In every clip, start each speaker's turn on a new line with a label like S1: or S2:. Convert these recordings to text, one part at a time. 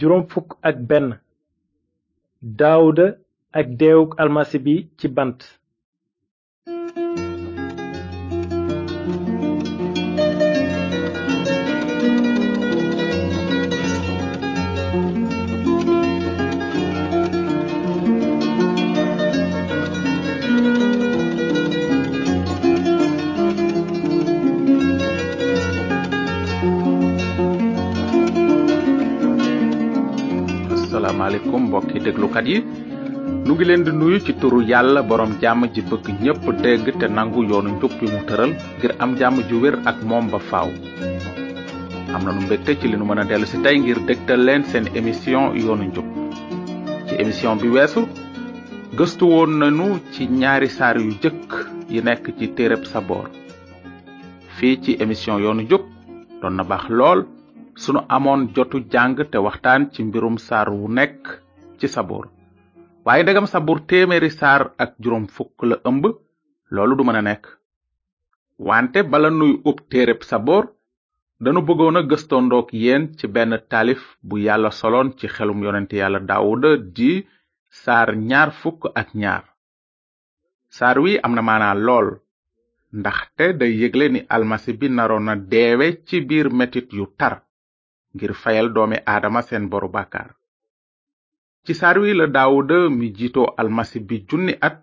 S1: juróom fukk ak benn daawuda ak deewuk almasi bi ci bant asalaamaaleykum mbokki déglukat yi nu ngi leen di nuyu ci turu yàlla boroom jàmm ji bëgg ñépp dégg te nangu yoonu njub bi mu tëral ngir am jàmm ju wér ak moom ba faw am na nu mbégte ci li nu mën a dellu si tey ngir dégtal leen seen émission yoonu njub ci émission bi weesu gëstu woon nañu ci ñaari saar yu jëkk yi nekk ci téereb saboor fii ci émission yoonu njub doon na baax lool sunu amoon jotu jàng te waxtaan ci mbirum saar wu nekk ci sabur waaye ndegam sabur téeméeri saar ak juróom fukk la ëmb loolu du mën a nekk wante bala nuy ub téereb sabor danu bëggoon a gëstondook yéen ci benn taalif bu yàlla soloon ci xelum yonent yàlla daawuda di saar ñaar fukk ak ñaar saar wii am na maanaa lool ndaxte day yëgle ni almasi bi naroon na deewe ci biir metit yu tar ngir fayal doomi aadama seen boru bàkkaar ci saar wi la daawuda mi jiitoo almasi bi junni at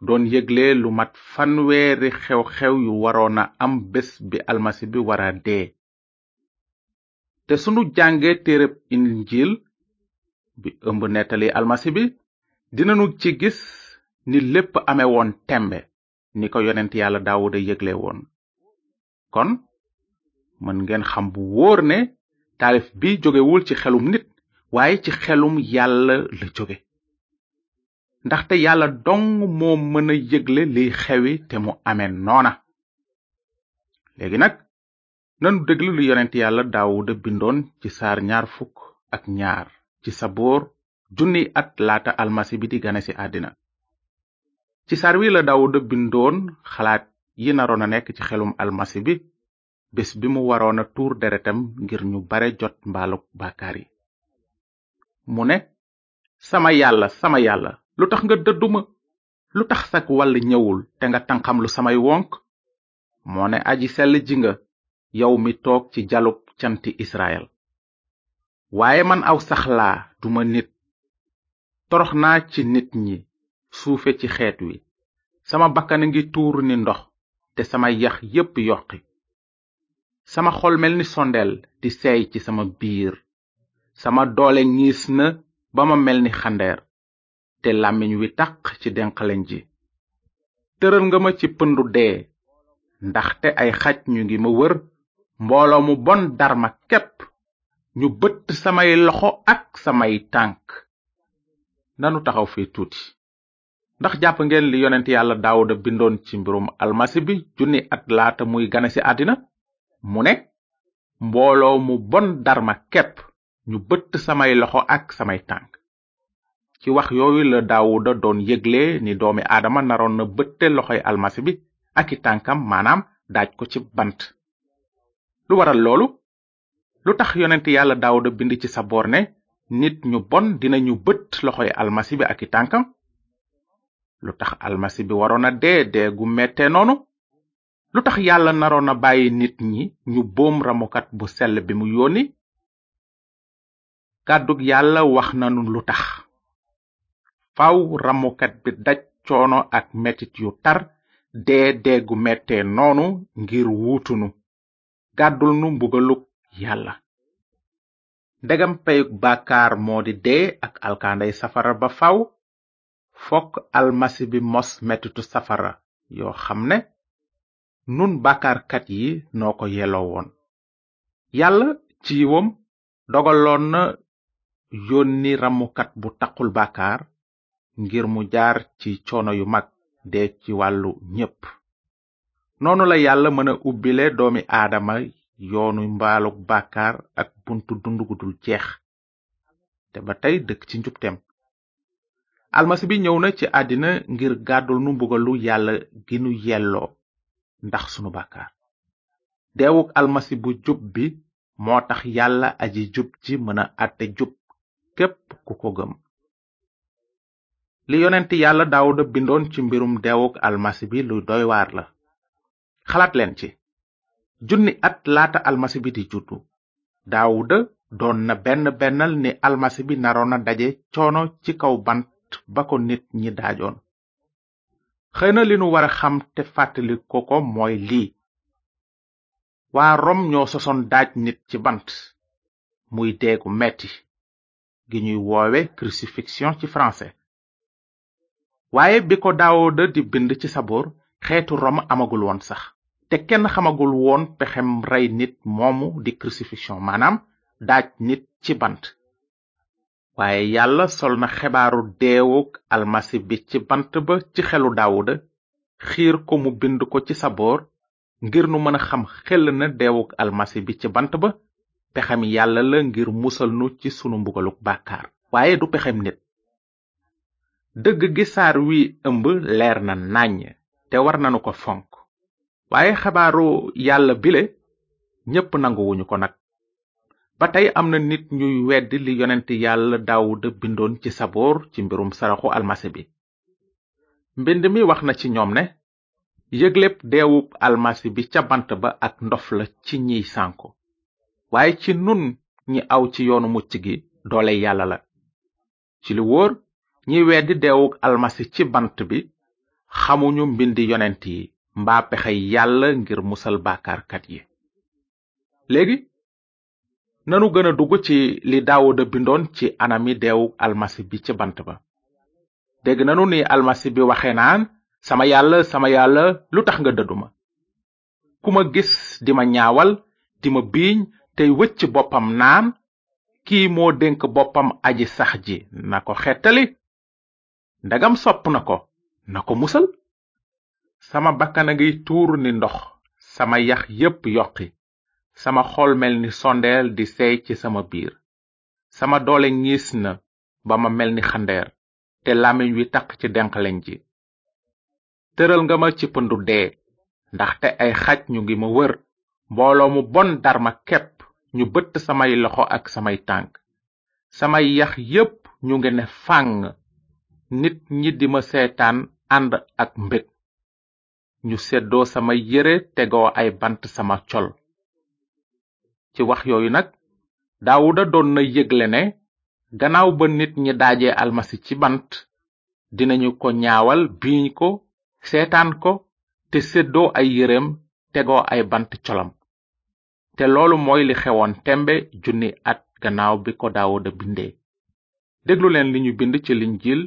S1: doon yëgle lu mat fanweeri xew-xew yu waroon a am bés bi almasi bi wara dee te sunu jànge téereb injil bi ëmb nettali almasi bi dinanu ci gis ni lépp amewoon woon tembe ni ko yonent yàlla daawuda yéglewoon kon mën ngeen xam bu wóor ne taalif bi jógewul ci xelum nit waaye ci xelum yàlla la jóge ndaxte yàlla dong moo mën a yëgle li xewi te mu amee noona léegi nag nanu déglu lu yonent yàlla daawuda bindoon ci saar ñaar fukk ak ñaar ci saboor junniy at laata almasi bi di gane ci àddina ci saar wi la daawuda bindoon xalaat yi naroon a nekk ci xelum almasi bi bés bi mu waroon a tuur deretam ngir ñu bare jot mbaaluk bàkkaar yi mu ne sama yàlla sama yàlla lu tax nga dëdduma lu tax sak wàll ñëwul te nga tanxam lu samay wonk moo ne aji sell ji nga yow mi toog ci jalub canti israel waaye man aw sax laa duma nit torox naa ci nit ñi suufe ci xeet wi sama bakkana ngi tuur ni ndox te sama yax yépp yoqi sama xol mel ni sondeel di seey ci sama biir sama doole ngiis na ba ma mel ni xandeer te làmmiñ wi taq ci denqaleñ ji tëral nga ma ci pëndu dee ndaxte ay xaj ñu ngi ma wër mbooloo mu bon dar ma képp ñu bët samay loxo ak samay tànk nanu taxaw fi tuuti ndax jàpp ngeen li yonent yàlla daawuda bindoon ci mbirum almasi bi junni at laata muy gane ci àddina mu ne mbooloo mu bon darma képp ñu bët samay loxo ak samay tànk ci wax yooyu la daawuda doon yégle ni doomi aadama naroon na bëtte loxoy almasi bi ak i tànkam maanaam daaj ko ci bant lu waral loolu lu tax yonent yàlla daawuda bind ci saboor ne nit ñu bon dina dinañu loxo yi almasi bi ak i tànkam lu tax almasi bi waroon a dee dee gu mette noonu lu tax yàlla naroon a bàyyi nit ñi ñu boom ramukat bu sell bi mu yónni kàddug yàlla wax nanu lu tax faw ramukat bi daj coono ak metit yu tar dee deegu mettee noonu ngir wuutunu gàddul nu mbugalug yàlla ndegam peyug bàkkaar moo di dee ak alkaanday safara ba faw fokk almasi bi mos metitu safara yoo xam ne nun bàkkaarkat yi noo ko yelloo woon yàlla ci yiwam dogaloon na yónni ramukat bu taqul bàkkaar ngir mu jaar ci coono yu mag dee ci wàllu ñépp noonu la yàlla mën a ubbile doomi aadama yoonu mbaalug bàkkaar ak buntu dund gudul jeex te ba tey dëkk ci njubteem almasi bi ñëw na ci àddina ngir gàddul nu mbugalu yàlla gi nu yelloo ndax sunu bàkkaar deewuk almasi bu jub bi moo tax yàlla aji jub ji mën a àtte jub képp ku ko gëm li yonent yàlla daawuda bindoon ci mbirum deewuk almasi bi lu doy waar la xalaat leen ci junni at laata almasi bi di juddu daawuda doon na benn bennal ni almasi bi naroon na daje coono ci kaw bant ba ko nit ñi daajoon xëy na li nu war a xam te fàttali ko mooy lii waa rom ñoo sosoon daaj nit ci bant muy deegu metti gi ñuy woowe crucifixion ci français waaye bi ko da di bind ci saboor xeetu rom amagul woon sax te kenn xamagul woon pexem rey nit moomu di crucifixion maanaam daaj nit ci bant waaye yàlla sol na xebaaru deewuk almasi bi ci bant ba ci xelu daawuda xiir ko mu bind ko ci saboor ngir nu mën a xam xel na deewuk almasi bi ci bant ba pexem yàlla la ngir musal nu ci sunu mbugaluk bàkkaar waaye du pexem nit dëgg gi saar wi ëmb leer na nàññ te war nanu ko fonk waaye xabaaru yàlla bile ñépp nanguwuñu ko nag ba tey am na nit ñuy weddi li yonent yàlla daawuda bindoon ci saboor ci mbirum saraxu almasi bi mbind mi wax na ci ñoom ne yëgleb deewub almasi bi ca bant ba ak ndof la ci ñiy sànko waaye ci nun ñi aw ci yoonu mucc gi doole yàlla la ci lu wóor ñi weddi deewug almasi ci bant bi xamuñu mbindi yonent yi mbaa pexe yàlla ngir musal baakaarkat yi léegi nanu gën a dugg ci li daawuda bindoon ci anami deew almasi bi ci bant ba dégg nanu ni almasi bi waxe naan sama yàlla sama yàlla lu tax nga dëdduma ku ma gis di ma ñaawal di ma biiñ tey wëcc boppam naan kii moo dénk boppam aji sax ji na ko xettali ndagam sopp na ko na ko musal sama bakkan a ngiy tuur ni ndox sama yax yépp yoqi sama xol mel ni sondeel di seey ci sama biir sama doole ngis na ba ma mel ni xandeer te làmmiñ wi taq ci denqaleñ ji tëral nga ma ci pëndu dee ndaxte ay xaj ñu ngi ma wër mbooloo mu bon dar ma képp ñu bët samay loxo ak samay tànk samay yax yépp ñu ngi ne fàng nit ñi di ma seetaan ànd ak mbég ñu seddoo samay yére tegoo ay bant sama col ci wax yooyu nag daawuda doon na yëgle ne gannaaw ba nit ñi daaje almasi ci bant dinañu ko ñaawal biiñ ko seetaan ko te seddoo ay yéreem tegoo ay bant colam te loolu mooy li xewoon tembe junni at gannaaw bi ko daawuda bindee déglu leen li ñu bind ci linjiil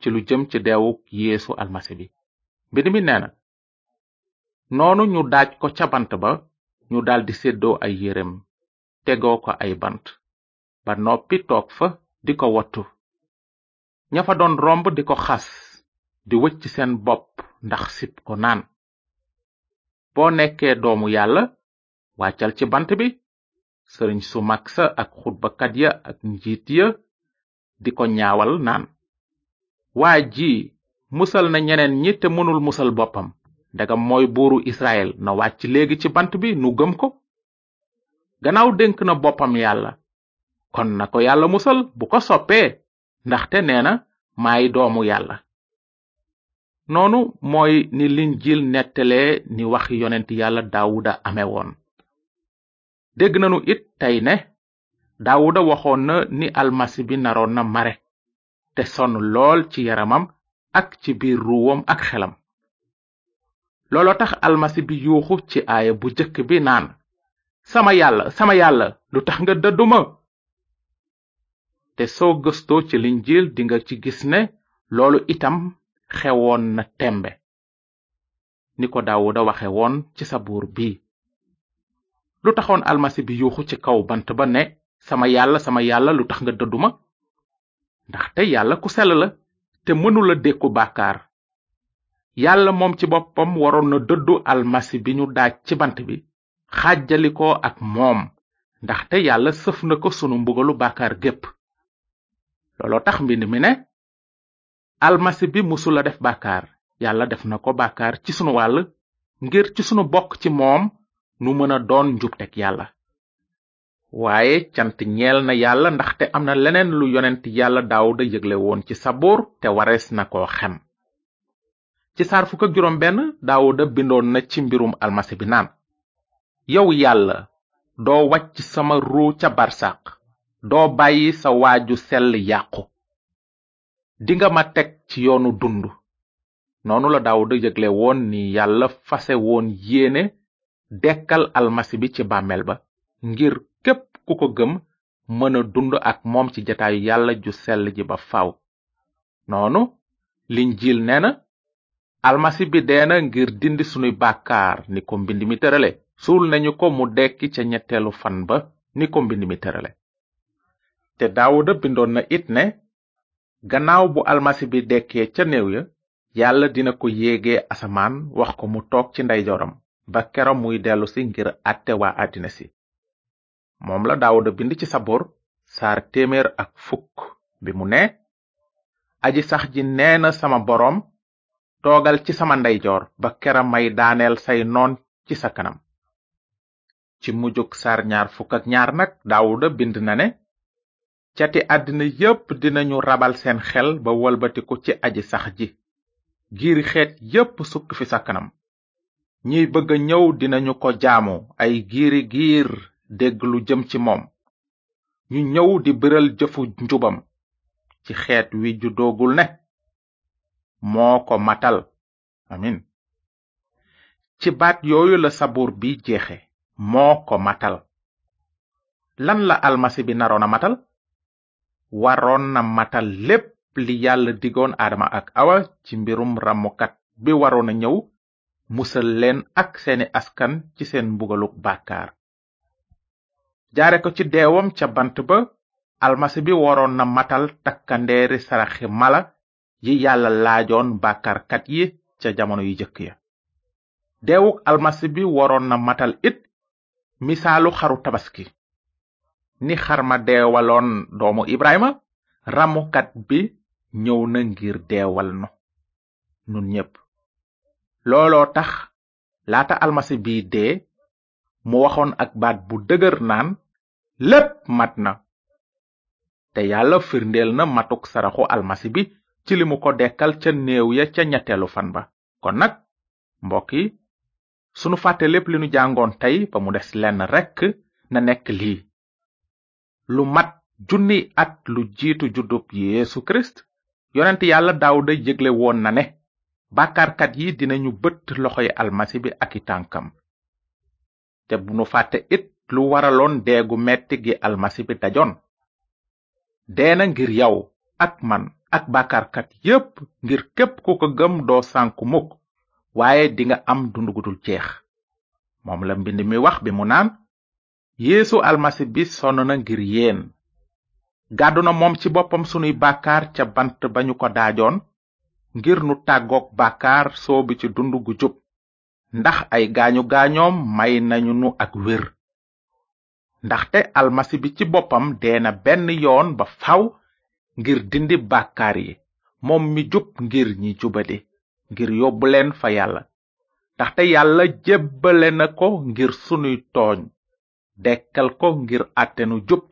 S1: ci lu jëm ci deewuk yéesu almasi bi mbind mi noonu ñu daaj ko ca bant ba ñu daldi séddoo ay yérem tegoo ko ay bant ba noppi toog fa di ko wottu ñafa doon romb di ko xas di wëcc seen bopp ndax sib ko naan boo nekkee doomu yàlla wàccal ci bant bi sëriñ su mag sa ak xutbakat ya ak njiit ya di ko ñaawal naan waa ji musal na ñeneen ñi te mënul musal boppam ndegam mooy buuru israel na wàcc léegi ci bant bi nu gëm ko gannaaw dénk na boppam yàlla kon na ko yàlla musal bu ko soppee ndaxte nee na maay doomu yàlla noonu mooy ni linjiil nettalee ni wax yonent yàlla daawuda ame woon dégg nanu it tey ne daawuda waxoon na ni almasi bi naroon na mare te sonn lool ci yaramam ak ci biir ruuwam ak xelam looloo tax almasi bi yuuxu ci aaya bu jëkk bi naan sama yàlla sama yàlla lu tax nga dëdduma te soo gëstoo ci linjiil dinga ci gis ne loolu itam xewoon na tembe ni ko daawuda waxe woon ci sa buur bi lu taxoon almasi bi yuuxu ci kaw bant ba ne sama yàlla sama yàlla lu tax nga dëdduma ndaxte yàlla ku sell la te mënula dékku bàkkaar yàlla moom ci boppam waroon na dëddu almasi bi ñu daaj ci bant bi xàjjali ko ak moom ndaxte yàlla sëf na ko sunu mbugalu bàkkaar gépp looloo tax mbind mi ne almasi bi musula def bàkkaar yàlla def na ko bàkkaar ci sunu wàll ngir ci sunu bokk ci moom nu mën a doon njubteg yàlla waaye cant ñeel na yàlla ndaxte am na leneen lu yonent yàlla daaw daawuda yëgle woon ci sabuur te warees na ko xem ci saar fukk ak juróom benn daawuda bindoon na ci mbirum almasi bi naan yow yàlla doo wàcc sama ruu ca barsaq doo bàyyi sa waa ju sell yàqu dinga ma teg ci yoonu dund noonu la daawuda yëgle woon ni yàlla fase woon yéene dekkal almasi bi ci bàmmeel ba ngir képp ku ko gëm mëna dund ak moom ci jataayu yàlla ju sell ji ba faw noonu linjiil nee na almasi bi deena ngir dind sunuy bàkkaar ni ko mbind mi tërale suul nañu ko mu dekki ca ñetteelu fan ba ni ko mbind mi tërale te daawuda bindoon na it ne gannaaw bu almasi bi dekkee ca néew ya yàlla dina ko yéege asamaan wax ko mu toog ci ndeyjooram ba kero muy dellu si ngir àtte waa àddina si moom la daawuda bind ci saboor saar téeméer ak fukk bi mu ne aji sax ji nee na sama boroom toogal ci sama ndeyjoor ba kera may daaneel say noon ci sa kanam ci mujjug sar ñaar fukk ak ñaar nag daawuda bind na ne cati àddina yépp dinañu rabal seen xel ba walbatiku ci aji sax ji giiri xeet yépp sukk fi sa kanam ñiy bëgg a ñëw dinañu ko jaamu ay giiri giir dégg lu jëm ci moom ñu ñëw di biral jëfu njubam ci xeet wi ju doogul ne moo ko matal amin ci baat yooyu la sabuur bi jeexe moo ko matal lan la almasi bi naroona matal waroon na matal lépp li yàlla digoon aadama ak awa ci mbirum ramukat bi waroona a ñëw musal leen ak seeni askan ci seen mbugaluk bàkkaar jaare ko ci deewam ca bant ba almasi bi waroon na matal takkandeeri saraxi mala yi yàlla laajoon bàkkaarkat yi ca jamono yu jëkk ya deewuk almasi bi waroon matal it misaalu xaru tabaski ni xar ma deewaloon doomu ibrahima ramukat bi ñëw na ngir dewal nu nun ñépp looloo tax laata almasi bi dee mu waxoon ak baat bu dëgër naan lépp mat na te yàlla firndeel na matuk saraxu almasi bi ci limu ko dekkal ca néew ya ca ñetteelu fan ba kon nag mbokk yi sunu fàtte lépp li nu jàngoon tey ba mu des lenn rekk na nekk lii lu mat junni at lu jiitu juddub yeesu kirist yonent daaw daawuda jegle woon na ne bàkkaarkat yi dinañu bëtt loxoy almasi bi ak i tànkam te bu nu fàtte it lu waraloon deegu metti gi almasi bi dajoon dee na ngir yow ak man ak bàkkaarkat yépp ngir képp ku ko gëm doo sanku mukk waaye dinga am dund gudul jeex moom la mbind mi wax bi mu naan yéesu almasi bi sonn na ngir yéen gàddu na moom ci boppam sunuy bàkkaar ca bant ba ñu ko daajoon ngir nu tàggook bàkkaar soobu ci dund gu jub ndax ay gaañu gaañoom may nañu nu ak wér ndaxte almasi bi ci boppam dee na benn yoon ba faw ngir dindi bàkkaar yi moom mi jub ngir ñi jubadi ngir yóbbu leen fa yàlla ndaxte yàlla jébbale na ko ngir sunuy tooñ dekkal ko ngir àttenu jub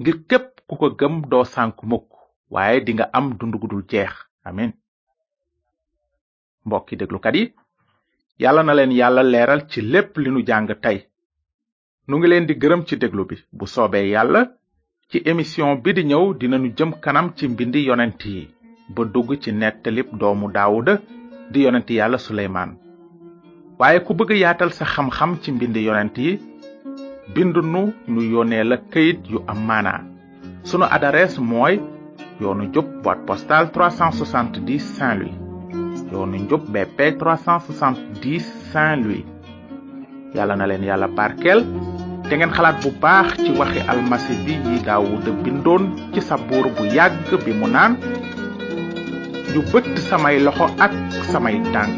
S1: ngir képp ku ko gëm doo sànk mukk waaye dinga am dund gudul jeex amin mbokki déglukat yi yàlla na leen yàlla leeral ci lépp li nu jàng tey nu ngi leen di gërëm ci déglu bi bu soobee yàlla ci émission bi di ñëw dinañu jëm kanam ci mbind yonent yi ba dugg ci nettalib doomu daawuda di yonent yàlla suleymaan waaye ku bëgg yaatal sa xam-xam ci mbind yonent yi bind nu nu yónnee la këyit yu am maanaa sunu adresse mooy yoonu njub boîte postale 370 Saint-Louis yoonu njub BP 370 yàlla na leen yàlla barkeel te ngeen xalaat bu baax ci waxi almasi bi yi daawuda bindoon ci sa sabuur bu yàgg bi mu naan ñu bët samay loxo ak samay tànk